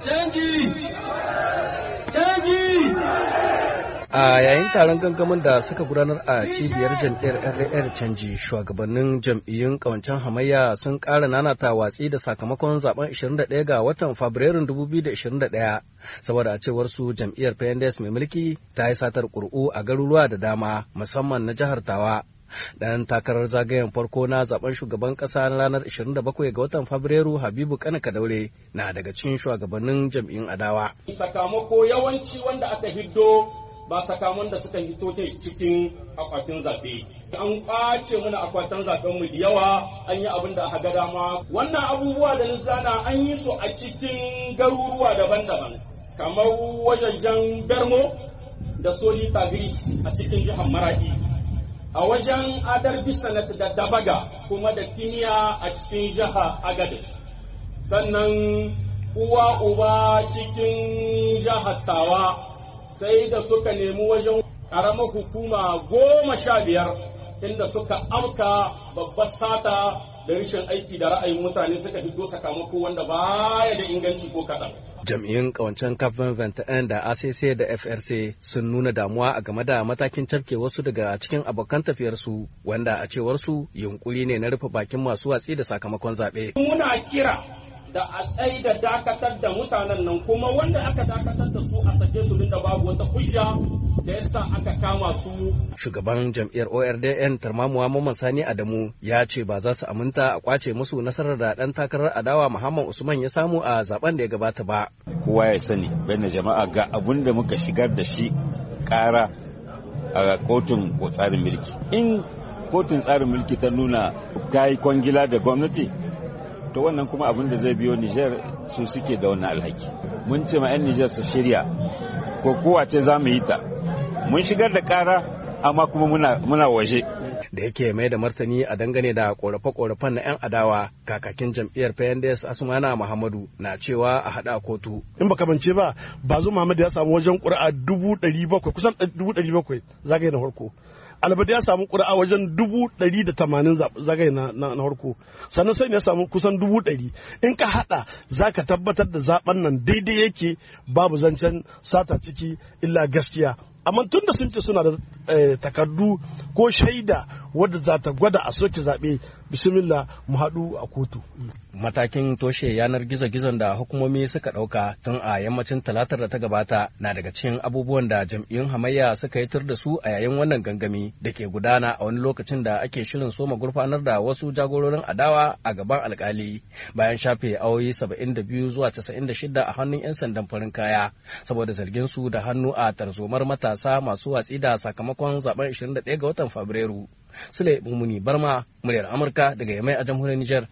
Canji! A yayin taron gangamin da suka gudanar a cibiyar jam'iyyar RAR canji shugabannin jam'iyyun kawancen hamayya sun ƙara nanata watsi da sakamakon zaben 21 ga watan Fabrairun 2021 saboda a cewar su jam'iyyar PNDS mai mulki ta yi satar ƙuri'u a garuruwa da dama musamman na jihar Tawa. dan takarar zagayen farko na zaben shugaban kasa na ranar 27 ga watan fabrairu habibu kanaka daure na daga cikin shugabannin jam'in adawa sakamako yawanci wanda aka hiddo ba sakamon da suka hito cikin akwatin zaɓe an kwace mana akwatin zaben mu da yawa an yi abin da aka dama wannan abubuwa da lissana an yi su a cikin garuruwa daban-daban kamar wajen jan bermo da soli tagiri a cikin jihar maradi a wajen adar bisanat da dabaga kuma da tiniya a cikin jiha agadis sannan uwa uba cikin jihar tawa sai da suka nemi wajen ƙaramar hukuma goma sha biyar inda suka amka babbar sata da rashin aiki da ra'ayin mutane suka fito sakamako wanda baya da inganci ko kaɗan. Jam'iyyun kawancen kafin 21 da ACC da FRC sun nuna damuwa a game da matakin cafke wasu daga cikin abokan tafiyarsu wanda a cewarsu yunkuri ne na rufe bakin masu watsi da sakamakon zaɓe. Muna kira da a tsai da dakatar da mutanen nan kuma wanda aka dakatar da su a sake su da babu wata hujja da yasa aka kama su. Shugaban jam'iyyar ORDN Tarmamuwa Mamman Sani Adamu ya ce ba za su aminta a kwace musu nasarar da ɗan takarar adawa Muhammad Usman ya samu a zaben da ya gabata ba. Kowa ya sani bayan jama'a ga abun da muka shigar da shi ƙara a kotun tsarin mulki. In kotun tsarin mulki ta nuna ta yi kwangila da gwamnati to wannan kuma abin da zai biyo Nijar su suke da wannan alhaki mun ce ma 'yan Nijar su shirya ko kowa ce za mu yi ta mun shigar da kara amma kuma muna waje da yake mai da martani a dangane da korafe-korafen na 'yan adawa kakakin jam'iyyar PNDS Asmana Muhammadu na cewa a hada kotu. In baka bance ba, bazu Muhammadu ya samu wajen ƙuri'a dubu dari bakwai kusan dubu dari bakwai zagaye na farko. albada ya samu ƙuri'a wajen dubu ɗari da tamanin zagaye na harko sannan sai ya samu kusan dubu ɗari in ka haɗa za ka tabbatar da zaben nan daidai yake babu zancen sata ciki illa gaskiya amma tun da sun ce suna da Eh, takardu ko shaida wadda za ta gwada a soke zaɓe bismillah mu haɗu a kotu. Matakin toshe yanar gizo-gizon da hukumomi suka ɗauka tun a yammacin talatar da ta gabata na daga cikin abubuwan da jam'iyyun hamayya suka yi tur da su a yayin wannan gangami da ke gudana a wani lokacin da ake shirin soma gurfanar da wasu jagororin adawa a gaban alkali bayan shafe awoyi biyu zuwa shida a hannun 'yan sandan farin kaya saboda zargin su da hannu a tarzomar matasa masu watsi da sakamakon sakamakon zaben 21 ga watan Fabrairu. Sule Mumuni Barma, muryar Amurka daga Yamai a jamhuriyar Nijar.